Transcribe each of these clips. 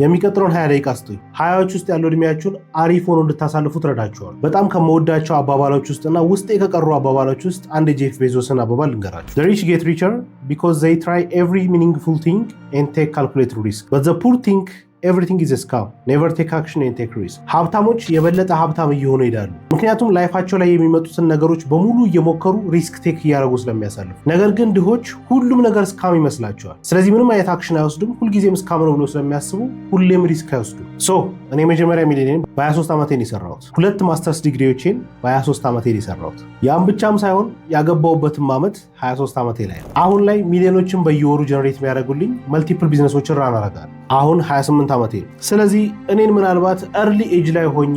የሚቀጥለውን ሀያ ደቂቃ ስጡኝ። ሀያዎች ውስጥ ያለው እድሜያችሁን አሪፍ ሆኖ እንድታሳልፉ ትረዳችኋል። በጣም ከመወዳቸው አባባሎች ውስጥና ውስጤ ከቀሩ አባባሎች ውስጥ አንድ የጄፍ ቤዞስን አባባል ልንገራችሁ። ዘ ሪች ጌት ሪቸር ቢኮዝ ዘይ ትራይ ኤቭሪ ሚኒንግፉል ቲንግ ኤንድ ቴክ ካልኩሌትድ ሪስክ በት ዘ ፑር ቲንክ ኤቭሪቲንግ ኢዝ ስካም ኔቨር ቴክ አክሽን ኤንድ ቴክ ሪስክ። ሀብታሞች የበለጠ ሀብታም እየሆኑ ይሄዳሉ፣ ምክንያቱም ላይፋቸው ላይ የሚመጡትን ነገሮች በሙሉ እየሞከሩ ሪስክ ቴክ እያደረጉ ስለሚያሳልፉ። ነገር ግን ድሆች ሁሉም ነገር ስካም ይመስላቸዋል። ስለዚህ ምንም አይነት አክሽን አይወስዱም፣ ሁልጊዜም ስካም ነው ብሎ ስለሚያስቡ ሁሌም ሪስክ አይወስዱም። ሶ እኔ መጀመሪያ ሚሊዮኔን በ23 ዓመቴን የሰራሁት፣ ሁለት ማስተርስ ዲግሪዎቼን በ23 ዓመቴን የሰራሁት፣ ያም ብቻም ሳይሆን ያገባሁበትም ዓመት 23 ዓመቴ ላይ ነው። አሁን ላይ ሚሊዮኖችን በየወሩ ጀነሬት የሚያደርጉልኝ መልቲፕል ቢዝነሶችን ራን አረጋለሁ። አሁን 28 ዓመቴ ነው። ስለዚህ እኔን ምናልባት እርሊ ኤጅ ላይ ሆኜ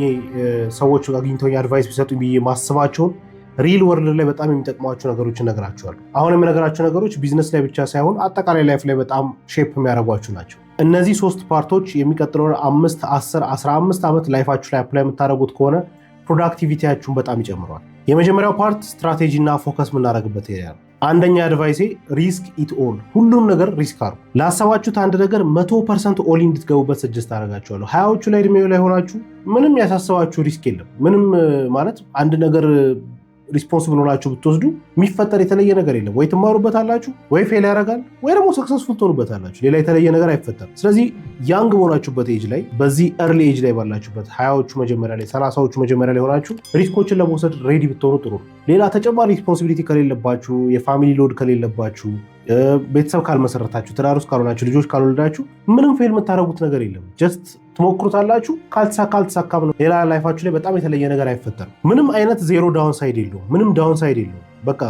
ሰዎች አግኝተው አድቫይስ ቢሰጡኝ ብዬ ማስባቸውን ሪል ወርልድ ላይ በጣም የሚጠቅሟቸው ነገሮች እነግራቸዋለሁ። አሁን የምነግራቸው ነገሮች ቢዝነስ ላይ ብቻ ሳይሆን አጠቃላይ ላይፍ ላይ በጣም ሼፕ የሚያደርጓችሁ ናቸው። እነዚህ ሶስት ፓርቶች የሚቀጥለውን አምስት፣ አስር፣ አስራ አምስት ዓመት ላይፋችሁ ላይ አፕላይ የምታደርጉት ከሆነ ፕሮዳክቲቪቲያችሁን በጣም ይጨምረዋል። የመጀመሪያው ፓርት ስትራቴጂና ፎከስ የምናደርግበት ኤሪያ ነው። አንደኛ አድቫይሴ ሪስክ ኢት ኦል፣ ሁሉም ነገር ሪስክ አሩ። ላሰባችሁት አንድ ነገር መቶ ፐርሰንት ኦል እንድትገቡበት ስጀስት አደርጋችኋለሁ። ሀያዎቹ ላይ እድሜው ላይ ሆናችሁ ምንም ያሳሰባችሁ ሪስክ የለም። ምንም ማለት አንድ ነገር ሪስፖንስብል ሆናችሁ ብትወስዱ የሚፈጠር የተለየ ነገር የለም። ወይ ትማሩበት አላችሁ፣ ወይ ፌል ያደርጋል፣ ወይ ደግሞ ሰክሰስፉል ትሆኑበት አላችሁ። ሌላ የተለየ ነገር አይፈጠርም። ስለዚህ ያንግ በሆናችሁበት ኤጅ ላይ በዚህ ኤርሊ ኤጅ ላይ ባላችሁበት ሀያዎቹ መጀመሪያ ላይ ሰላሳዎቹ መጀመሪያ ላይ ሆናችሁ ሪስኮችን ለመውሰድ ሬዲ ብትሆኑ ጥሩ ነው። ሌላ ተጨማሪ ሪስፖንሲቢሊቲ ከሌለባችሁ፣ የፋሚሊ ሎድ ከሌለባችሁ ቤተሰብ ካልመሰረታችሁ፣ ትዳር ውስጥ ካልሆናችሁ፣ ልጆች ካልወለዳችሁ ምንም ፌል የምታደርጉት ነገር የለም። ጀስት ትሞክሩታላችሁ። ካልተሳካ ካልተሳካም ነው። ሌላ ላይፋችሁ ላይ በጣም የተለየ ነገር አይፈጠርም። ምንም አይነት ዜሮ ዳውን ሳይድ የለውም። ምንም ዳውን ሳይድ የለውም። በቃ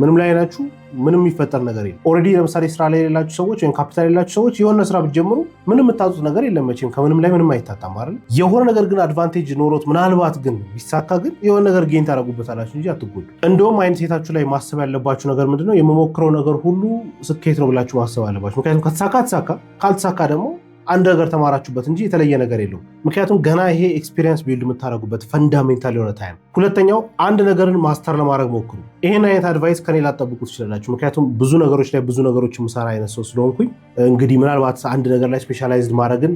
ምንም ላይ ናችሁ፣ ምንም የሚፈጠር ነገር የለም። ኦልሬዲ ለምሳሌ ስራ ላይ የሌላችሁ ሰዎች ወይም ካፒታል የሌላችሁ ሰዎች የሆነ ስራ ብትጀምሩ ምንም የምታጡት ነገር የለም። መቼም ከምንም ላይ ምንም አይታጣም አይደል? የሆነ ነገር ግን አድቫንቴጅ ኖሮት ምናልባት ግን ቢሳካ ግን የሆነ ነገር ጌን ታደረጉበታላችሁ እንጂ አትጎዱ። እንደውም አይነት ሴታችሁ ላይ ማሰብ ያለባችሁ ነገር ምንድነው? የምሞክረው ነገር ሁሉ ስኬት ነው ብላችሁ ማሰብ አለባችሁ። ምክንያቱም ከተሳካ ተሳካ፣ ካልተሳካ ደግሞ አንድ ነገር ተማራችሁበት እንጂ የተለየ ነገር የለውም። ምክንያቱም ገና ይሄ ኤክስፒሪየንስ ቢልድ የምታደርጉበት ፈንዳሜንታል የሆነ ታይም። ሁለተኛው አንድ ነገርን ማስተር ለማድረግ ሞክሩ። ይህን አይነት አድቫይስ ከኔ ላጠብቁ ትችላላችሁ። ምክንያቱም ብዙ ነገሮች ላይ ብዙ ነገሮች የምሰራ አይነት ሰው ስለሆንኩኝ እንግዲህ ምናልባት አንድ ነገር ላይ ስፔሻላይዝድ ማድረግን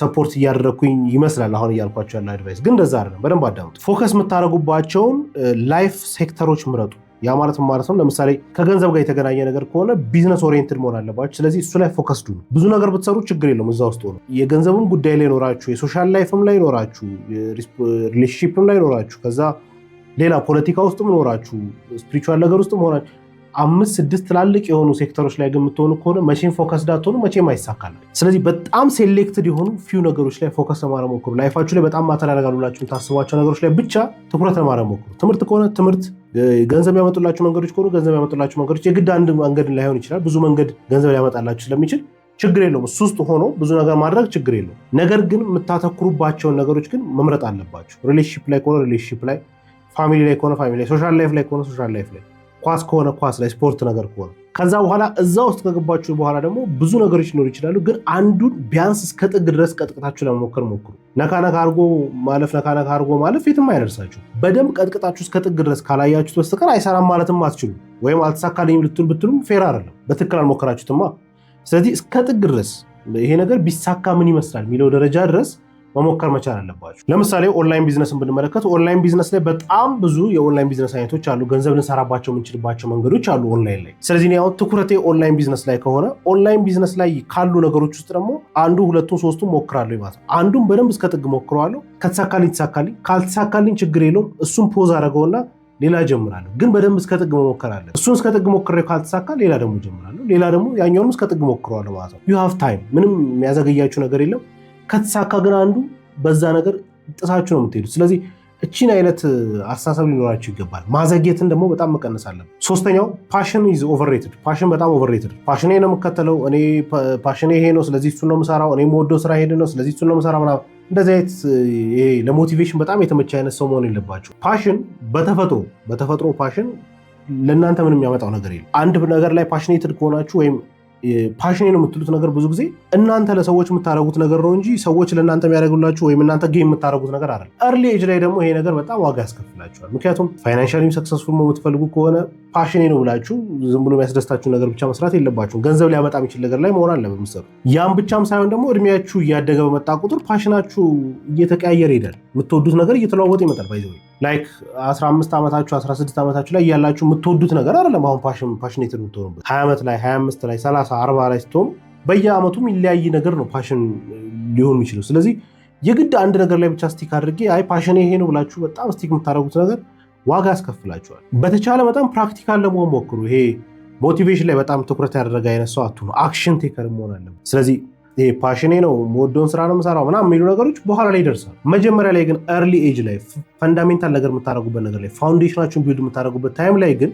ሰፖርት እያደረግኩኝ ይመስላል አሁን እያልኳቸው ያለ አድቫይስ፣ ግን እንደዛ አይደለም። በደንብ አዳምጡ። ፎከስ የምታደርጉባቸውን ላይፍ ሴክተሮች ምረጡ። ያ ማለት ማለት ነው ለምሳሌ ከገንዘብ ጋር የተገናኘ ነገር ከሆነ ቢዝነስ ኦሪየንትድ መሆን አለባችሁ። ስለዚህ እሱ ላይ ፎከስዱ ነው። ብዙ ነገር ብትሰሩ ችግር የለውም እዛ ውስጥ ሆነ የገንዘብም ጉዳይ ላይ ኖራችሁ፣ የሶሻል ላይፍም ላይ ኖራችሁ፣ ሪሌሽንሽፕም ላይ ኖራችሁ፣ ከዛ ሌላ ፖለቲካ ውስጥም ኖራችሁ፣ ስፒሪቹዋል ነገር ውስጥም ሆናችሁ አምስት ስድስት ትላልቅ የሆኑ ሴክተሮች ላይ ግን የምትሆኑ ከሆነ መቼም ፎከስ ዳትሆኑ መቼም አይሳካል። ስለዚህ በጣም ሴሌክትድ የሆኑ ፊው ነገሮች ላይ ፎከስ ለማድረግ ሞክሩ። ላይፋችሁ ላይ በጣም ማተር ያደርጋሉ ታስቧቸው ነገሮች ላይ ብቻ ትኩረት ለማድረግ ሞክሩ። ትምህርት ከሆነ ትምህርት፣ ገንዘብ ያመጡላችሁ መንገዶች ከሆኑ ገንዘብ ያመጡላችሁ መንገዶች፣ የግድ አንድ መንገድ ላይሆን ይችላል። ብዙ መንገድ ገንዘብ ሊያመጣላችሁ ስለሚችል ችግር የለውም። እሱ ውስጥ ሆኖ ብዙ ነገር ማድረግ ችግር የለውም። ነገር ግን የምታተኩሩባቸውን ነገሮች ግን መምረጥ አለባቸው። ሪሌሽንሽፕ ላይ ከሆነ ሪሌሽንሽፕ ላይ፣ ፋሚሊ ላይ ከሆነ ፋሚሊ ላይ፣ ሶሻል ላይፍ ላይ ከሆነ ሶሻል ላይፍ ላይ ኳስ ከሆነ ኳስ ላይ ስፖርት ነገር ከሆነ ከዛ በኋላ እዛ ውስጥ ከገባችሁ በኋላ ደግሞ ብዙ ነገሮች ሊኖሩ ይችላሉ። ግን አንዱን ቢያንስ እስከ ጥግ ድረስ ቀጥቅጣችሁ ለመሞከር ሞክሩ። ነካነካ አርጎ ማለፍ፣ ነካነካ አርጎ ማለፍ የትም አይደርሳችሁ። በደንብ ቀጥቅጣችሁ እስከ ጥግ ድረስ ካላያችሁት በስተቀር አይሰራም ማለትም አትችሉ። ወይም አልተሳካልኝም ልትሉ ብትሉም ፌር አይደለም፣ በትክክል አልሞከራችሁትማ። ስለዚህ እስከ ጥግ ድረስ ይሄ ነገር ቢሳካ ምን ይመስላል የሚለው ደረጃ ድረስ መሞከር መቻል አለባቸው ለምሳሌ ኦንላይን ቢዝነስን ብንመለከት ኦንላይን ቢዝነስ ላይ በጣም ብዙ የኦንላይን ቢዝነስ አይነቶች አሉ። ገንዘብ ልንሰራባቸው የምንችልባቸው መንገዶች አሉ ኦንላይን ላይ። ስለዚህ ያው ትኩረቴ ኦንላይን ቢዝነስ ላይ ከሆነ ኦንላይን ቢዝነስ ላይ ካሉ ነገሮች ውስጥ ደግሞ አንዱ ሁለቱን ሶስቱን ሞክራለሁ ማለት ነው። አንዱን በደንብ እስከ ጥግ ሞክረዋለሁ። ከተሳካልኝ ተሳካልኝ፣ ካልተሳካልኝ ችግር የለውም። እሱን ፖዝ አደረገውና ሌላ ጀምራለሁ። ግን በደንብ እስከ ጥግ መሞከር እሱን እስከ ጥግ ሞክሬ ካልተሳካ ሌላ ደግሞ ጀምራለሁ። ሌላ ደግሞ ያኛውንም እስከ ጥግ ሞክረዋለሁ ማለት ነው። ዩ ሃቭ ታይም። ምንም የሚያዘገያችሁ ነገር የለም። ከተሳካ ግን አንዱ በዛ ነገር ጥሳችሁ ነው የምትሄዱት። ስለዚህ እቺን አይነት አስተሳሰብ ሊኖራችሁ ይገባል። ማዘግየትን ደግሞ በጣም መቀነስ አለብን። ሶስተኛው ፓሽን ኢዝ ኦቨርሬትድ። ፓሽን በጣም ኦቨርሬትድ። ፓሽኔ ነው የምከተለው እኔ ፓሽኔ ይሄ ነው፣ ስለዚህ እሱን ነው የምሰራው። እኔ የምወደው ስራ ሄድ ነው፣ ስለዚህ እሱን ነው የምሰራው ምናምን። እንደዚህ አይነት ይሄ ለሞቲቬሽን በጣም የተመቸ አይነት ሰው መሆን የለባችሁ። ፓሽን በተፈጥሮ በተፈጥሮ ፓሽን ለእናንተ ምንም የሚያመጣው ነገር የለም። አንድ ነገር ላይ ፓሽኔትድ ከሆናችሁ ወይም ፓሽኔ ነው የምትሉት ነገር ብዙ ጊዜ እናንተ ለሰዎች የምታደረጉት ነገር ነው እንጂ ሰዎች ለእናንተ የሚያደረጉላችሁ ወይም እናንተ ጌም የምታደረጉት ነገር አለ እርሊ ኤጅ ላይ ደግሞ ይሄ ነገር በጣም ዋጋ ያስከፍላችኋል። ምክንያቱም ፋይናንሻሊ ሰክሰስፉል የምትፈልጉ ከሆነ ፓሽኔ ነው ብላችሁ ዝም ብሎ የሚያስደስታችሁ ነገር ብቻ መስራት የለባችሁም። ገንዘብ ሊያመጣ የሚችል ነገር ላይ መሆን አለ በምሰሩ ያም ብቻም ሳይሆን ደግሞ እድሜያችሁ እያደገ በመጣ ቁጥር ፓሽናችሁ እየተቀያየረ ይሄዳል። የምትወዱት ነገር እየተለዋወጠ ይመጣል። ባይዘ ላይክ 15 ዓመታችሁ 16 ዓመታችሁ ላይ ያላችሁ የምትወዱት ነገር አይደለም አሁን ፓሽኔትን የምትሆኑበት 20 ዓመት ላይ 25 ላይ 30 አርባ ላይ ስትሆኑ በየአመቱም ይለያይ ነገር ነው ፓሽን ሊሆን የሚችለው። ስለዚህ የግድ አንድ ነገር ላይ ብቻ ስቲክ አድርጌ አይ ፓሽን ይሄ ነው ብላችሁ በጣም ስቲክ የምታደርጉት ነገር ዋጋ ያስከፍላችኋል። በተቻለ በጣም ፕራክቲካል ለመሆን ሞክሩ። ይሄ ሞቲቬሽን ላይ በጣም ትኩረት ያደረገ አይነት ሰው አትሁኑ። አክሽን ቴከር መሆን አለበት። ስለዚህ ይሄ ፓሽኔ ነው መወደውን ስራ ነው የምሰራው ምናምን የሚሉ ነገሮች በኋላ ላይ ይደርሳል። መጀመሪያ ላይ ግን ኤርሊ ኤጅ ላይ ፈንዳሜንታል ነገር የምታደርጉበት ነገር ላይ ፋውንዴሽናችሁን ቢውልድ የምታደርጉበት ታይም ላይ ግን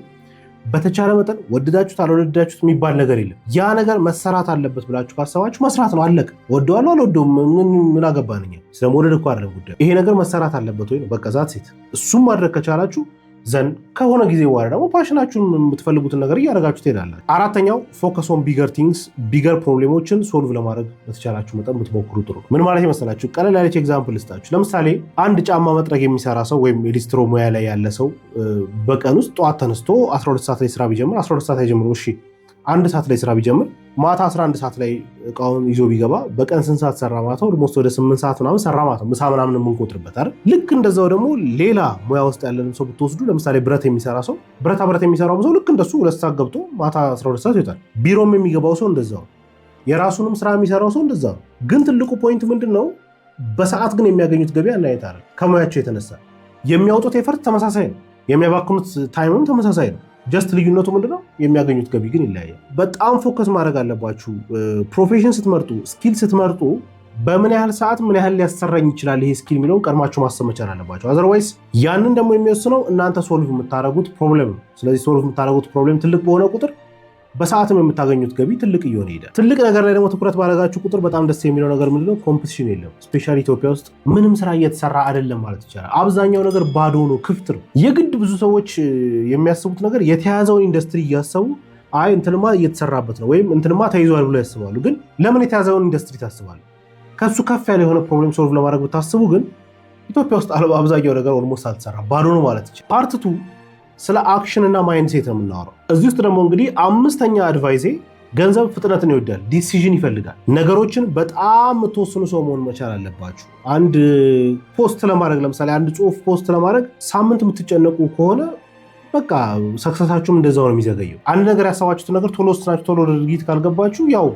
በተቻለ መጠን ወደዳችሁት አልወደዳችሁት የሚባል ነገር የለም። ያ ነገር መሰራት አለበት ብላችሁ ካሰባችሁ መስራት ነው። አለቀ። ወደዋለሁ አልወደውም ምን አገባንኛ? ስለመወደድ እኮ አይደለም ጉዳዩ። ይሄ ነገር መሰራት አለበት ወይ ነው በቃ ዛት ሴት እሱም ማድረግ ከቻላችሁ ዘንድ ከሆነ ጊዜ በኋላ ደግሞ ፓሽናችሁን የምትፈልጉትን ነገር እያደረጋችሁ ትሄዳላችሁ። አራተኛው ፎከስ ኦን ቢገር ቲንግስ፣ ቢገር ፕሮብሌሞችን ሶልቭ ለማድረግ በተቻላችሁ መጠን ብትሞክሩ ጥሩ ምን ማለት ይመስላችሁ? ቀለል ያለች ኤግዛምፕል ልስጣችሁ። ለምሳሌ አንድ ጫማ መጥረግ የሚሰራ ሰው ወይም የሊስትሮ ሙያ ላይ ያለ ሰው በቀን ውስጥ ጠዋት ተነስቶ 12 ሰዓት ላይ ስራ ቢጀምር 12 ሰዓት አይጀምሩ እሺ አንድ ሰዓት ላይ ስራ ቢጀምር ማታ 11 ሰዓት ላይ እቃውን ይዞ ቢገባ በቀን ስንት ሰዓት ሰራ? ማታ ኦልሞስት ወደ 8 ሰዓት ምናምን ሰራ። ማታ ምሳ ምናምን የምንቆጥርበት አይደል? ልክ እንደዛው ደግሞ ሌላ ሙያ ውስጥ ያለንም ሰው ብትወስዱ፣ ለምሳሌ ብረት የሚሰራ ሰው ብረታ ብረት የሚሰራው ሰው ልክ እንደሱ ሁለት ሰዓት ገብቶ ማታ 12 ሰዓት ይወጣል። ቢሮም የሚገባው ሰው እንደዛው፣ የራሱንም ስራ የሚሰራው ሰው እንደዛው ግን ትልቁ ፖይንት ምንድን ነው? በሰዓት ግን የሚያገኙት ገቢ አናየት አይደል? ከሙያቸው የተነሳ የሚያወጡት ኤፈርት ተመሳሳይ ነው። የሚያባክኑት ታይምም ተመሳሳይ ነው። ጀስት ልዩነቱ ምንድነው? የሚያገኙት ገቢ ግን ይለያያል። በጣም ፎከስ ማድረግ አለባችሁ። ፕሮፌሽን ስትመርጡ፣ ስኪል ስትመርጡ በምን ያህል ሰዓት ምን ያህል ሊያሰራኝ ይችላል ይሄ ስኪል የሚለውን ቀድማችሁ ማሰብ መቻል አለባቸው። አዘርዋይስ ያንን ደግሞ የሚወስነው እናንተ ሶልቭ የምታደረጉት ፕሮብለም ነው። ስለዚህ ሶልቭ የምታደረጉት ፕሮብለም ትልቅ በሆነ ቁጥር በሰዓትም የምታገኙት ገቢ ትልቅ እየሆነ ሄደ። ትልቅ ነገር ላይ ደግሞ ትኩረት ባደረጋችሁ ቁጥር በጣም ደስ የሚለው ነገር ምንድነው? ኮምፒቲሽን የለም። ስፔሻሊ ኢትዮጵያ ውስጥ ምንም ስራ እየተሰራ አይደለም ማለት ይቻላል። አብዛኛው ነገር ባዶ ነው፣ ክፍት ነው። የግድ ብዙ ሰዎች የሚያስቡት ነገር የተያዘውን ኢንዱስትሪ እያሰቡ አይ እንትንማ እየተሰራበት ነው ወይም እንትንማ ተይዟል ብሎ ያስባሉ። ግን ለምን የተያዘውን ኢንዱስትሪ ታስባለ? ከሱ ከፍ ያለ የሆነ ፕሮብሌም ሶልቭ ለማድረግ ብታስቡ ግን ኢትዮጵያ ውስጥ አብዛኛው ነገር ኦልሞስት አልተሰራ ባዶ ነው ማለት ይቻላል። ቱ ስለ አክሽን እና ማይንድ ሴት ነው የምናወራው። እዚህ ውስጥ ደግሞ እንግዲህ አምስተኛ አድቫይዜ ገንዘብ ፍጥነትን ይወዳል፣ ዲሲዥን ይፈልጋል። ነገሮችን በጣም የምትወስኑ ሰው መሆን መቻል አለባችሁ። አንድ ፖስት ለማድረግ ለምሳሌ አንድ ጽሁፍ ፖስት ለማድረግ ሳምንት የምትጨነቁ ከሆነ በቃ ሰክሰሳችሁም እንደዛው ነው የሚዘገየው። አንድ ነገር ያሰባችሁትን ነገር ቶሎ ወስናችሁ ቶሎ ድርጊት ካልገባችሁ ያው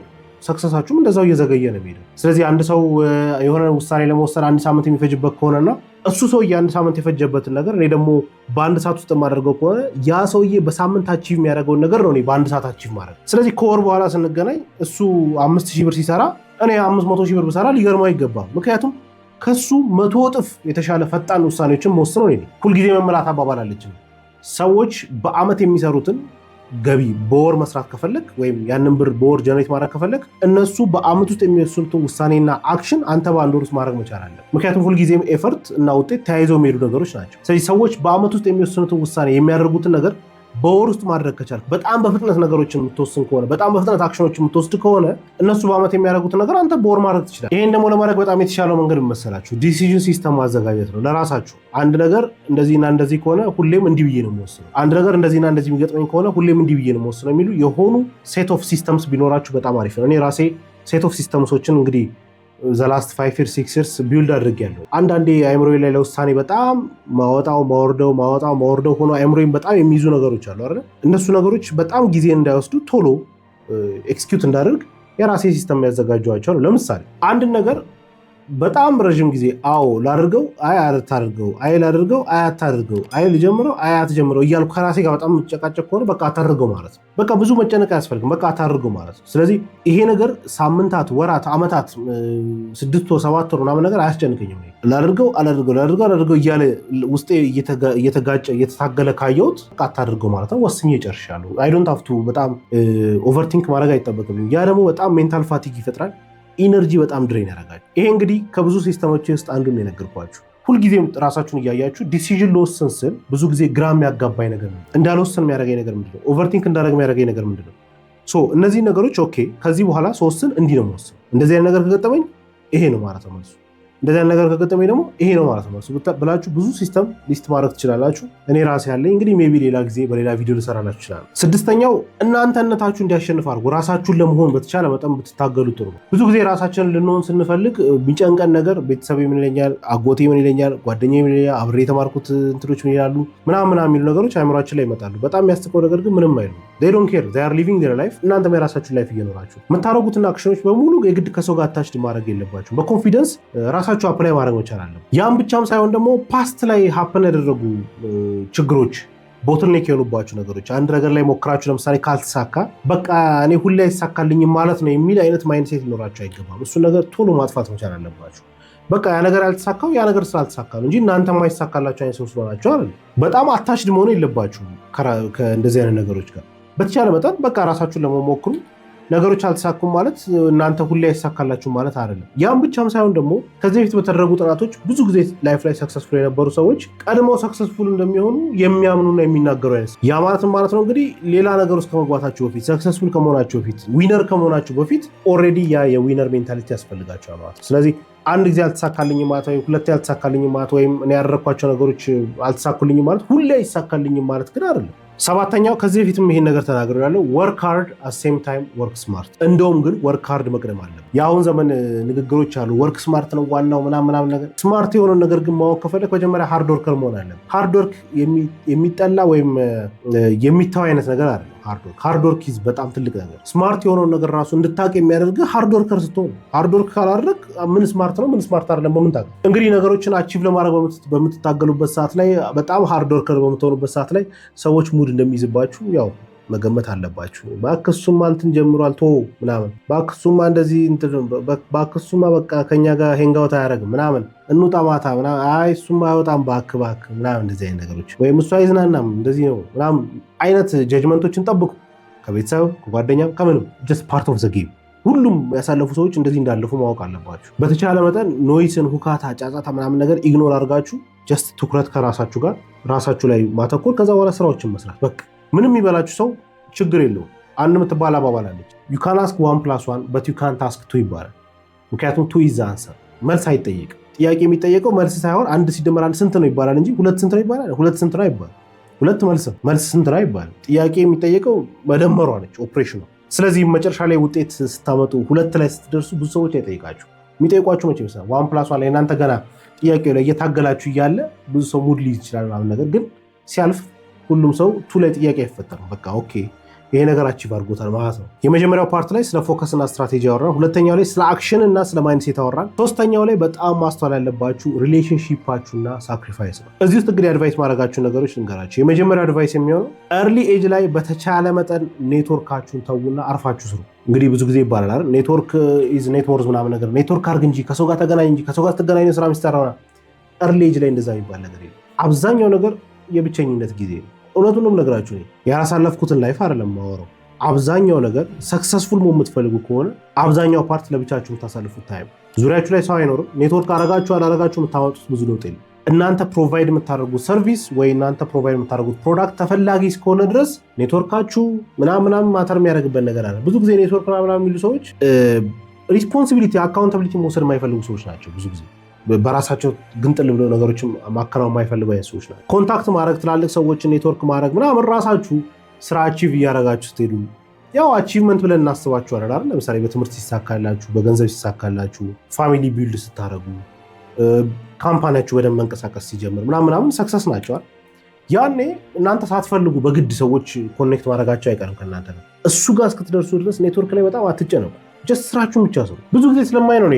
ሰክሰሳችሁም እንደዛው እየዘገየ ነው የሚሄደው። ስለዚህ አንድ ሰው የሆነ ውሳኔ ለመወሰን አንድ ሳምንት የሚፈጅበት ከሆነና እሱ ሰውዬ አንድ ሳምንት የፈጀበትን ነገር እኔ ደግሞ በአንድ ሰዓት ውስጥ የማደርገው ከሆነ ያ ሰውዬ በሳምንት አቺቭ የሚያደርገውን ነገር ነው እኔ በአንድ ሰዓት አቺቭ ማድረግ። ስለዚህ ከወር በኋላ ስንገናኝ እሱ አምስት ሺህ ብር ሲሰራ እኔ አምስት መቶ ሺህ ብር ብሰራ ሊገርመው አይገባም። ምክንያቱም ከሱ መቶ እጥፍ የተሻለ ፈጣን ውሳኔዎችን መወስነው ሁልጊዜ መመላት አባባል አለችም ሰዎች በአመት የሚሰሩትን ገቢ በወር መስራት ከፈለግ ወይም ያንን ብር በወር ጀነሬት ማድረግ ከፈለግ እነሱ በአመት ውስጥ የሚወስኑትን ውሳኔና አክሽን አንተ በአንድ ወር ውስጥ ማድረግ መቻል አለ። ምክንያቱም ሁልጊዜም ኤፈርት እና ውጤት ተያይዘው የሚሄዱ ነገሮች ናቸው። ስለዚህ ሰዎች በአመት ውስጥ የሚወስኑትን ውሳኔ የሚያደርጉትን ነገር በወር ውስጥ ማድረግ ከቻልክ በጣም በፍጥነት ነገሮችን የምትወስን ከሆነ በጣም በፍጥነት አክሽኖች የምትወስድ ከሆነ እነሱ በአመት የሚያደርጉትን ነገር አንተ በወር ማድረግ ትችላል። ይሄን ደግሞ ለማድረግ በጣም የተሻለው መንገድ መሰላችሁ ዲሲዥን ሲስተም ማዘጋጀት ነው። ለራሳችሁ አንድ ነገር እንደዚህና እንደዚህ ከሆነ ሁሌም እንዲህ ብዬ ነው የምወስነው፣ አንድ ነገር እንደዚህና እንደዚህ የሚገጥመኝ ከሆነ ሁሌም እንዲህ ብዬ ነው የምወስነው የሚሉ የሆኑ ሴት ኦፍ ሲስተምስ ቢኖራችሁ በጣም አሪፍ ነው። እኔ ራሴ ሴት ኦፍ ሲስተምሶችን እንግዲህ ዘላስት ፋይቭ ይር ሲክስ ይርስ ቢውልድ አድርጌያለሁ። አንዳንዴ አእምሮ ላይ ለውሳኔ በጣም ማወጣው ማወርደው ማወጣው ማወርደው ሆኖ አእምሮን በጣም የሚይዙ ነገሮች አሉ አይደል? እነሱ ነገሮች በጣም ጊዜ እንዳይወስዱ ቶሎ ኤክስኪዩት uh, እንዳደርግ የራሴ ሲስተም ያዘጋጀዋቸው ነው። ለምሳሌ አንድን ነገር በጣም ረዥም ጊዜ አዎ ላድርገው፣ አይ አታድርገው፣ አይ ላድርገው፣ አይ አታድርገው፣ አይ ልጀምረው፣ አይ አትጀምረው እያልኩ ከራሴ ጋር በጣም ጨቃጨቅ ከሆነ በቃ አታድርገው ማለት ነው። በቃ ብዙ መጨነቅ አያስፈልግም። በቃ አታድርገው ማለት ነው። ስለዚህ ይሄ ነገር ሳምንታት፣ ወራት፣ ዓመታት ስድስት ወር ሰባት ወር ምናምን ነገር አያስጨንቀኝም። ላድርገው፣ አላድርገው፣ ላድርገው፣ አላድርገው እያለ ውስጤ እየተጋጨ እየተታገለ ካየሁት በቃ አታድርገው ማለት ነው። ወስኜ ጨርሻለሁ። አይዶንት ሀፍቱ በጣም ኦቨርቲንክ ማድረግ አይጠበቅብኝ። ያ ደግሞ በጣም ሜንታል ፋቲግ ይፈጥራል። ኢነርጂ በጣም ድሬን ያደርጋል። ይሄ እንግዲህ ከብዙ ሲስተሞች ውስጥ አንዱ ነው የነገርኳችሁ። ሁልጊዜም ራሳችሁን እያያችሁ ዲሲዥን ልወስን ስል ብዙ ጊዜ ግራ የሚያጋባኝ ነገር ነው? እንዳልወስን የሚያደርገኝ ነገር ምንድነው? ኦቨርቲንክ እንዳደረግ የሚያደርገኝ ነገር ምንድነው? ሶ እነዚህ ነገሮች ኦኬ፣ ከዚህ በኋላ ስወስን እንዲህ ነው የምወስን፣ እንደዚህ አይነት ነገር ከገጠመኝ ይሄ ነው ማለት ነው መልሱ። እንደዚያን ነገር ከገጠመኝ ደግሞ ይሄ ነው ማለት ነው ብላችሁ ብዙ ሲስተም ሊስት ማድረግ ትችላላችሁ። እኔ ራሴ ያለኝ እንግዲህ ሜይ ቢ ሌላ ጊዜ በሌላ ቪዲዮ ልሰራላችሁ ይችላል። ስድስተኛው እናንተነታችሁ እንዲያሸንፍ አድርጎ ራሳችሁን ለመሆን በተቻለ መጠን ብትታገሉ ጥሩ ነው። ብዙ ጊዜ ራሳችንን ልንሆን ስንፈልግ የሚጨንቀን ነገር ቤተሰብ ምን ይለኛል፣ አጎቴ ምን ይለኛል፣ ጓደኛ ምን ይለኛል፣ አብሬ የተማርኩት እንትኖች ምን ይላሉ፣ ምናምን ምናምን የሚሉ ነገሮች አይምሯችን ላይ ይመጣሉ። በጣም የሚያስቀው ነገር ግን ምንም አይሉ ዴይ ዶንት ኬር ዜይ አር ሊቪንግ ላይፍ። እናንተም የራሳችሁን ላይፍ እየኖራችሁ የምታደርጉትን አክሽኖች በሙሉ የግድ ከሰው ጋር አታችድ ማድረግ የለባችሁ በኮንፊደንስ ራሳችሁ አፕላይ ማድረግ መቻል አለ። ያም ብቻም ሳይሆን ደግሞ ፓስት ላይ ሀፕን ያደረጉ ችግሮች ቦትልኔክ የሆኑባቸው ነገሮች አንድ ነገር ላይ ሞክራችሁ ለምሳሌ ካልተሳካ በቃ እኔ ሁሌ አይሳካልኝም ማለት ነው የሚል አይነት ማይንሴት ሊኖራችሁ አይገባም። እሱ ነገር ቶሎ ማጥፋት መቻል አለባቸው። በቃ ያ ነገር ያልተሳካው ያ ነገር ስላልተሳካ ነው እንጂ እናንተ ማይሳካላቸው አይነት ሰው ስለሆናቸው አለ በጣም አታሽድ መሆኑ የለባችሁ ከእንደዚህ አይነት ነገሮች ጋር። በተቻለ መጠን በቃ ራሳችሁን ለመሞክሩ ነገሮች አልተሳኩም ማለት እናንተ ሁሌ አይሳካላችሁ ማለት አይደለም። ያም ብቻም ሳይሆን ደግሞ ከዚህ በፊት በተደረጉ ጥናቶች ብዙ ጊዜ ላይፍ ላይ ሰክሰስፉል የነበሩ ሰዎች ቀድመው ሰክሰስፉል እንደሚሆኑ የሚያምኑና የሚናገሩ አይነት ያ ማለትም ማለት ነው እንግዲህ ሌላ ነገር ውስጥ ከመግባታችሁ በፊት ሰክሰስፉል ከመሆናችሁ በፊት ዊነር ከመሆናችሁ በፊት ኦልሬዲ ያ የዊነር ሜንታሊቲ ያስፈልጋቸዋል ማለት ነው። ስለዚህ አንድ ጊዜ አልተሳካልኝ ማለት ወይም ሁለቴ አልተሳካልኝ ማለት ወይም እኔ ያደረግኳቸው ነገሮች አልተሳኩልኝ ማለት ሁሌ አይሳካልኝም ማለት ግን አይደለም። ሰባተኛው ከዚህ በፊትም ይሄን ነገር ተናግሮ ያለው ወርክ ሃርድ አሴም ታይም ወርክ ስማርት። እንደውም ግን ወርክ ሃርድ መቅደም አለ። የአሁን ዘመን ንግግሮች አሉ። ወርክ ስማርት ነው ዋናው ምናምን ምናምን ነገር ስማርት የሆነው ነገር ግን ማወቅ ከፈለግ መጀመሪያ ሃርድ ወርከር መሆን አለ። ሃርድ ወርክ የሚጠላ ወይም የሚታው አይነት ነገር አለ ሃርድወርክ ሃርድወርክ ይዝ በጣም ትልቅ ነገር ስማርት የሆነውን ነገር ራሱ እንድታቅ የሚያደርግህ ሃርድወርከር ስትሆን ሃርድወርክ ካላደረግ ምን ስማርት ነው ምን ስማርት አይደለም በምን ታውቅ እንግዲህ ነገሮችን አቺቭ ለማድረግ በምትታገሉበት ሰዓት ላይ በጣም ሃርድወርከር በምትሆኑበት ሰዓት ላይ ሰዎች ሙድ እንደሚይዝባችሁ ያው መገመት አለባችሁ። በአክሱማ እንትን ጀምሯል ቶ ምናምን በአክሱማ እንደዚህ በአክሱማ በቃ ከኛ ጋር ሄንጋውት አያደርግም ምናምን እንውጣ ማታ ምናምን አይ እሱማ አይወጣም ባክ ባክ ምናምን እንደዚህ አይነት ነገሮች ወይም እሱ አይዝናናም እንደዚህ ነው ምናምን አይነት ጀጅመንቶችን ጠብቁ። ከቤተሰብ ከጓደኛም ከምንም ጀስት ፓርት ኦፍ ዘ ጌም ሁሉም ያሳለፉ ሰዎች እንደዚህ እንዳለፉ ማወቅ አለባችሁ። በተቻለ መጠን ኖይስን፣ ሁካታ፣ ጫጫታ ምናምን ነገር ኢግኖር አድርጋችሁ ጀስት ትኩረት ከራሳችሁ ጋር ራሳችሁ ላይ ማተኮር ከዛ በኋላ ስራዎችን መስራት በቃ ምንም የሚበላችሁ ሰው ችግር የለውም። አንድ የምትባል አባባል አለች። ዩ ካን አስክ ዋን ፕላስ ዋን በት ዩ ታስክ ቱ ይባላል። ምክንያቱም ቱ ይዛ አንሰር መልስ አይጠየቅም። ጥያቄ የሚጠየቀው መልስ ሳይሆን አንድ ሲደመር አንድ ስንት ነው ይባላል እንጂ ሁለት ስንት ነው ይባላል ሁለት ስንት ነው ይባላል ሁለት መልስ መልስ ስንት ነው ጥያቄ የሚጠየቀው መደመሯ ነች ኦፕሬሽኑ። ስለዚህ መጨረሻ ላይ ውጤት ስታመጡ ሁለት ላይ ስትደርሱ ብዙ ሰዎች አይጠይቃችሁ። የሚጠይቋችሁ መቼ ይመስላል ዋን ፕላስ ዋን ላይ እናንተ ገና ጥያቄው ላይ እየታገላችሁ እያለ ብዙ ሰው ሙድ ሊይዝ ይችላል ምናምን ነገር ግን ሲያልፍ ሁሉም ሰው ቱ ላይ ጥያቄ አይፈጠርም። በቃ ኦኬ ይሄ ነገር አቺቭ አድርጎታል ማለት ነው። የመጀመሪያው ፓርት ላይ ስለ ፎከስ እና ስትራቴጂ ያወራል። ሁለተኛው ላይ ስለ አክሽን እና ስለ ማይንድሴት ያወራል። ሶስተኛው ላይ በጣም ማስተዋል ያለባችሁ ሪሌሽንሺፓችሁና ሳክሪፋይስ ነው። እዚህ ውስጥ እንግዲህ አድቫይስ ማድረጋችሁ ነገሮች ልንገራችሁ። የመጀመሪያው አድቫይስ የሚሆነው ኤርሊ ኤጅ ላይ በተቻለ መጠን ኔትወርካችሁን ተዉና አርፋችሁ ስሩ። እንግዲህ ብዙ ጊዜ ይባላል አይደል ኔትወርክ ኢዝ ኔትወርክ ምናምን ነገር ኔትወርክ አድርግ እንጂ ከሰው ጋር ተገናኝ እንጂ ከሰው ጋር ስትገናኝ ስራ ሚሰራ ኤርሊ ኤጅ ላይ እንደዛ የሚባል ነገር የለም። አብዛኛው ነገር የብቸኝነት ጊዜ ነው። እውነቱን ነው የምነግራችሁ። ያላሳለፍኩትን ላይፍ አይደለም የማወራው። አብዛኛው ነገር ሰክሰስፉል መሆን የምትፈልጉ ከሆነ አብዛኛው ፓርት ለብቻችሁ የምታሳልፉት ታይም፣ ዙሪያችሁ ላይ ሰው አይኖርም። ኔትወርክ አረጋችሁ አላረጋችሁ የምታወጡት ብዙ ለውጥ የለም። እናንተ ፕሮቫይድ የምታደርጉት ሰርቪስ ወይ እናንተ ፕሮቫይድ የምታደርጉት ፕሮዳክት ተፈላጊ እስከሆነ ድረስ ኔትወርካችሁ ምናምናም ማተር የሚያደርግበት ነገር አለ። ብዙ ጊዜ ኔትወርክ ምናምን የሚሉ ሰዎች ሪስፖንሲቢሊቲ አካውንታብሊቲ መውሰድ የማይፈልጉ ሰዎች ናቸው ብዙ ጊዜ በራሳቸው ግንጥል ብለው ነገሮችን ማከናወን የማይፈልጉ አይነት ሰዎች ናቸው። ኮንታክት ማድረግ ትላልቅ ሰዎችን ኔትወርክ ማድረግ ምናምን ራሳችሁ ስራ አቺቭ እያደረጋችሁ ስትሄዱ ያው አቺቭመንት ብለን እናስባችኋለን አይደል? ለምሳሌ በትምህርት ሲሳካላችሁ፣ በገንዘብ ሲሳካላችሁ፣ ፋሚሊ ቢልድ ስታደረጉ፣ ካምፓኒያችሁ በደንብ መንቀሳቀስ ሲጀምር ምናምን ምናምን ሰክሰስ ናቸዋል። ያኔ እናንተ ሳትፈልጉ በግድ ሰዎች ኮኔክት ማድረጋቸው አይቀርም ከእናንተ ጋር። እሱ ጋር እስክትደርሱ ድረስ ኔትወርክ ላይ በጣም አትጨነቁ። ጀስት ስራችሁን ብቻ ስሩ። ብዙ ጊዜ ስለማይ ነው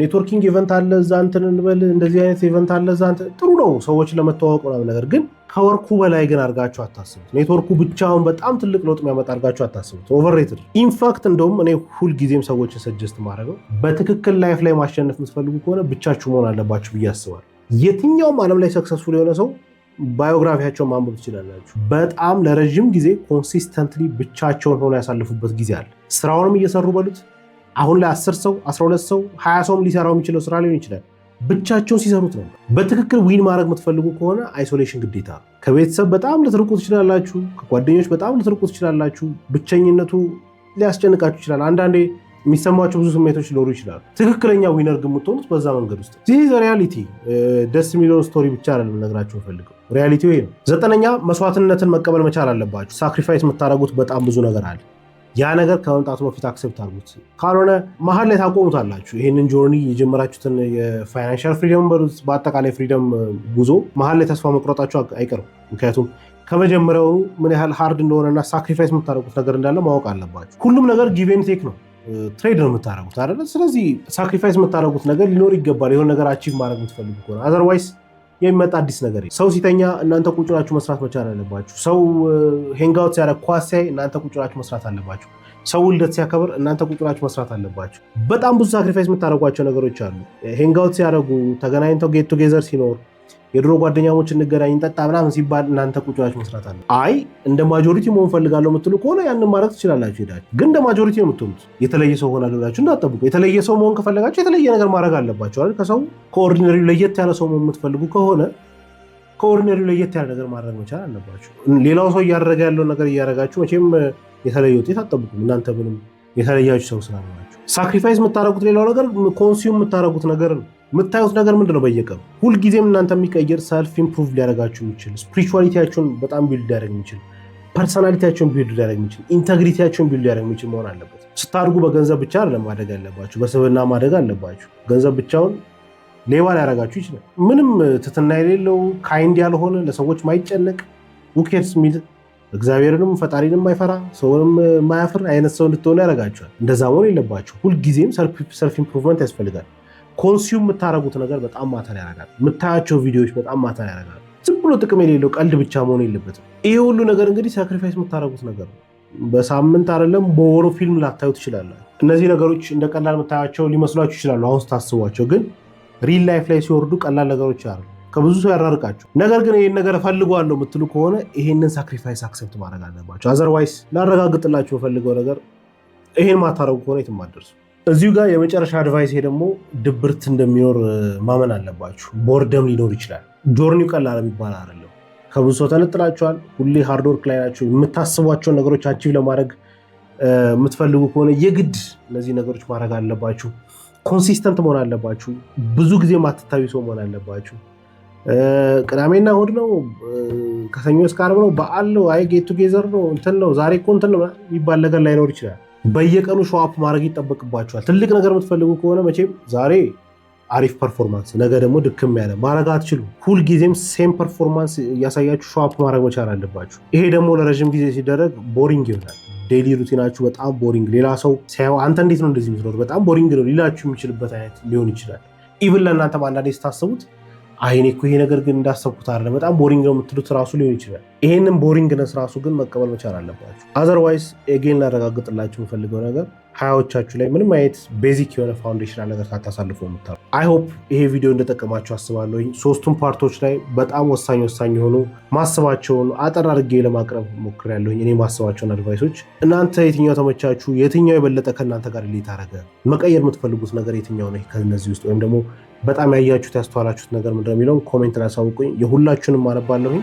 ኔትወርኪንግ ኢቨንት አለ እዛ እንትን እንበል እንደዚህ አይነት ኢቨንት አለ እዛ ጥሩ ነው ሰዎች ለመተዋወቅ ምናምን፣ ነገር ግን ከወርኩ በላይ ግን አድርጋችሁ አታስቡት። ኔትወርኩ ብቻውን በጣም ትልቅ ለውጥ የሚያመጣ አድርጋችሁ አታስቡት። ኦቨርሬትድ። ኢንፋክት እንደውም እኔ ሁልጊዜም ሰዎችን ሰጀስት ማድረገው በትክክል ላይፍ ላይ ማሸነፍ የምትፈልጉ ከሆነ ብቻችሁ መሆን አለባችሁ ብዬ አስባለሁ። የትኛውም ዓለም ላይ ሰክሰስፉል የሆነ ሰው ባዮግራፊያቸውን ማንበብ ትችላላችሁ። በጣም ለረዥም ጊዜ ኮንሲስተንትሊ ብቻቸውን ሆኖ ያሳልፉበት ጊዜ አለ። ስራውንም እየሰሩ በሉት አሁን ላይ 10 ሰው 12 ሰው 20 ሰውም ሊሰራው የሚችለው ስራ ሊሆን ይችላል ብቻቸውን ሲሰሩት ነው። በትክክል ዊን ማድረግ የምትፈልጉ ከሆነ አይሶሌሽን ግዴታ ከቤተሰብ በጣም ልትርቁ ትችላላችሁ። ከጓደኞች በጣም ልትርቁ ትችላላችሁ። ብቸኝነቱ ሊያስጨንቃችሁ ይችላል። አንዳንዴ የሚሰማቸው ብዙ ስሜቶች ሊኖሩ ይችላሉ። ትክክለኛ ዊነር ግን የምትሆኑት በዛ መንገድ ውስጥ። ይህ ሪያሊቲ ደስ የሚለውን ስቶሪ ብቻ አይደለም ነግራችሁ ፈልገው ሪያሊቲው ይሄ ነው። ዘጠነኛ መስዋዕትነትን መቀበል መቻል አለባችሁ። ሳክሪፋይስ የምታደርጉት በጣም ብዙ ነገር አለ። ያ ነገር ከመምጣቱ በፊት አክሴፕት አድርጉት። ካልሆነ መሀል ላይ ታቆሙታላችሁ። ይህንን ጆርኒ የጀመራችሁትን የፋይናንሻል ፍሪደም በሉት፣ በአጠቃላይ ፍሪደም ጉዞ መሀል ላይ ተስፋ መቁረጣችሁ አይቀርም። ምክንያቱም ከመጀመሪያው ምን ያህል ሀርድ እንደሆነና ሳክሪፋይስ የምታደርጉት ነገር እንዳለ ማወቅ አለባችሁ። ሁሉም ነገር ጊቬን ቴክ ነው። ትሬድ ነው የምታደርጉት አይደለ? ስለዚህ ሳክሪፋይስ የምታደርጉት ነገር ሊኖር ይገባል። የሆነ ነገር አቺቭ ማድረግ የምትፈልጉ ከሆነ አዘርዋይስ የሚመጣ አዲስ ነገር ሰው ሲተኛ እናንተ ቁጭላችሁ መስራት መቻል አለባችሁ። ሰው ሄንጋውት ሲያደርግ ኳስ ሲያይ እናንተ ቁጭ መስራት አለባችሁ። ሰው ውልደት ሲያከብር እናንተ ቁጭ መስራት አለባችሁ። በጣም ብዙ ሳክሪፋይስ የምታደርጓቸው ነገሮች አሉ። ሄንጋውት ሲያደርጉ ተገናኝተው ጌት ቱጌዘር ሲኖር የድሮ ጓደኛሞች እንገናኝ እንጠጣ ምናምን ሲባል እናንተ ቁጭላችሁ መስራት አለ። አይ እንደ ማጆሪቲ መሆን ፈልጋለሁ የምትሉ ከሆነ ያንን ማድረግ ትችላላችሁ። ሄዳችሁ ግን እንደ ማጆሪቲ ነው የምትሆኑት። የተለየ ሰው ሆናለሁ ብላችሁ እንዳጠብቁ። የተለየ ሰው መሆን ከፈለጋችሁ የተለየ ነገር ማድረግ አለባቸው አይደል? ከሰው ከኦርዲነሪው ለየት ያለ ሰው መሆን የምትፈልጉ ከሆነ ከኦርዲነሪ ለየት ያለ ነገር ማድረግ መቻል አለባችሁ። ሌላው ሰው እያደረገ ያለውን ነገር እያደረጋችሁ መቼም የተለየ ውጤት አጠብቁም። እናንተ ምንም የተለያችሁ ሰው ስላልሆናችሁ ሳክሪፋይስ የምታደረጉት ሌላው ነገር ኮንሱም የምታደረጉት ነገር ነው። የምታዩት ነገር ምንድን ነው? በየቀኑ ሁልጊዜም እናንተ የሚቀየር ሰልፍ ኢምፕሩቭ ሊያደርጋችሁ የሚችል ስፒሪቹዋሊቲያችሁን በጣም ቢልድ ሊያደርግ የሚችል ፐርሰናሊቲያቸውን ቢልድ ሊያደርግ የሚችል ኢንተግሪቲያቸውን ቢልድ ሊያደርግ የሚችል መሆን አለበት። ስታድጉ በገንዘብ ብቻ አይደለም ማደግ ያለባችሁ፣ በስብና ማደግ አለባችሁ። ገንዘብ ብቻውን ሌባ ሊያደርጋችሁ ይችላል። ምንም ትትና የሌለው ካይንድ ያልሆነ ለሰዎች ማይጨነቅ ውኬርስ የሚል እግዚአብሔርንም ፈጣሪንም ማይፈራ ሰውንም ማያፍር አይነት ሰው እንድትሆኑ ያደርጋችኋል። እንደዛ መሆን የለባችሁ። ሁልጊዜም ሰልፍ ኢምፕሩቭመንት ያስፈልጋል። ኮንሱም የምታረጉት ነገር በጣም ማተር ያደርጋል። የምታያቸው ቪዲዮዎች በጣም ማተር ያደርጋል። ዝም ብሎ ጥቅም የሌለው ቀልድ ብቻ መሆን የለበትም። ይሄ ሁሉ ነገር እንግዲህ ሳክሪፋይስ የምታደረጉት ነገር ነው። በሳምንት አይደለም በወሩ ፊልም ላታዩ ትችላለ። እነዚህ ነገሮች እንደ ቀላል የምታያቸው ሊመስሏቸው ይችላሉ፣ አሁን ስታስቧቸው። ግን ሪል ላይፍ ላይ ሲወርዱ ቀላል ነገሮች አሉ፣ ከብዙ ሰው ያራርቃቸው። ነገር ግን ይህን ነገር እፈልገዋለሁ የምትሉ ከሆነ ይሄንን ሳክሪፋይስ አክሰፕት ማድረግ አለባቸው። አዘርዋይስ ላረጋግጥላቸው የፈልገው ነገር ይሄን ማታረጉ ከሆነ የትም እዚሁ ጋር የመጨረሻ አድቫይስ ደግሞ ድብርት እንደሚኖር ማመን አለባችሁ። ቦርደም ሊኖር ይችላል። ጆርኒው ቀላል የሚባል አይደለም። ከብዙ ሰው ተነጥላችኋል። ሁሌ ሃርድወርክ ላይ ናቸው። የምታስቧቸውን ነገሮች አቺቭ ለማድረግ የምትፈልጉ ከሆነ የግድ እነዚህ ነገሮች ማድረግ አለባችሁ። ኮንሲስተንት መሆን አለባችሁ። ብዙ ጊዜ ማትታዩ ሰው መሆን አለባችሁ። ቅዳሜና ሆድ ነው፣ ከሰኞ እስከ ዓርብ ነው፣ በዓል ነው፣ አይ ጌት ቱጌዘር ነው፣ እንትን ነው፣ ዛሬ እኮ እንትን ነው የሚባል ነገር ላይኖር ይችላል። በየቀኑ ሸዋፕ ማድረግ ይጠበቅባቸዋል። ትልቅ ነገር የምትፈልጉ ከሆነ መቼም ዛሬ አሪፍ ፐርፎርማንስ፣ ነገ ደግሞ ድክም ያለ ማድረግ አትችሉ። ሁልጊዜም ሴም ፐርፎርማንስ እያሳያችሁ ሸዋፕ ማድረግ መቻል አለባችሁ። ይሄ ደግሞ ለረዥም ጊዜ ሲደረግ ቦሪንግ ይሆናል። ዴይሊ ሩቲናችሁ በጣም ቦሪንግ፣ ሌላ ሰው ሲያየው አንተ እንዴት ነው እንደዚህ የምትኖር በጣም ቦሪንግ ነው ሊላችሁ የሚችልበት አይነት ሊሆን ይችላል። ኢቭን ለእናንተም አንዳንዴ ስታስቡት አይኔ እኮ ይሄ ነገር ግን እንዳሰብኩት አለ በጣም ቦሪንግ ነው የምትሉት ራሱ ሊሆን ይችላል። ይሄንን ቦሪንግነስ ራሱ ግን መቀበል መቻል አለባችሁ። አዘርዋይስ ኤጌን ላረጋግጥላችሁ የምፈልገው ነገር ሀያዎቻችሁ ላይ ምንም አይነት ቤዚክ የሆነ ፋውንዴሽናል ነገር ሳታሳልፉ የምታሉ። አይሆፕ ይሄ ቪዲዮ እንደጠቀማችሁ አስባለሁ። ሶስቱም ፓርቶች ላይ በጣም ወሳኝ ወሳኝ የሆኑ ማስባቸውን አጠር አድርጌ ለማቅረብ ሞክሬያለሁ። እኔ ማስባቸውን አድቫይሶች እናንተ የትኛው ተመቻችሁ? የትኛው የበለጠ ከእናንተ ጋር ሌት አረገ? መቀየር የምትፈልጉት ነገር የትኛው ነው ከነዚህ ውስጥ ወይም ደግሞ በጣም ያያችሁት ያስተዋላችሁት ነገር ምንድነው የሚለውን ኮሜንት ላሳውቁኝ። የሁላችሁንም አነባለሁኝ።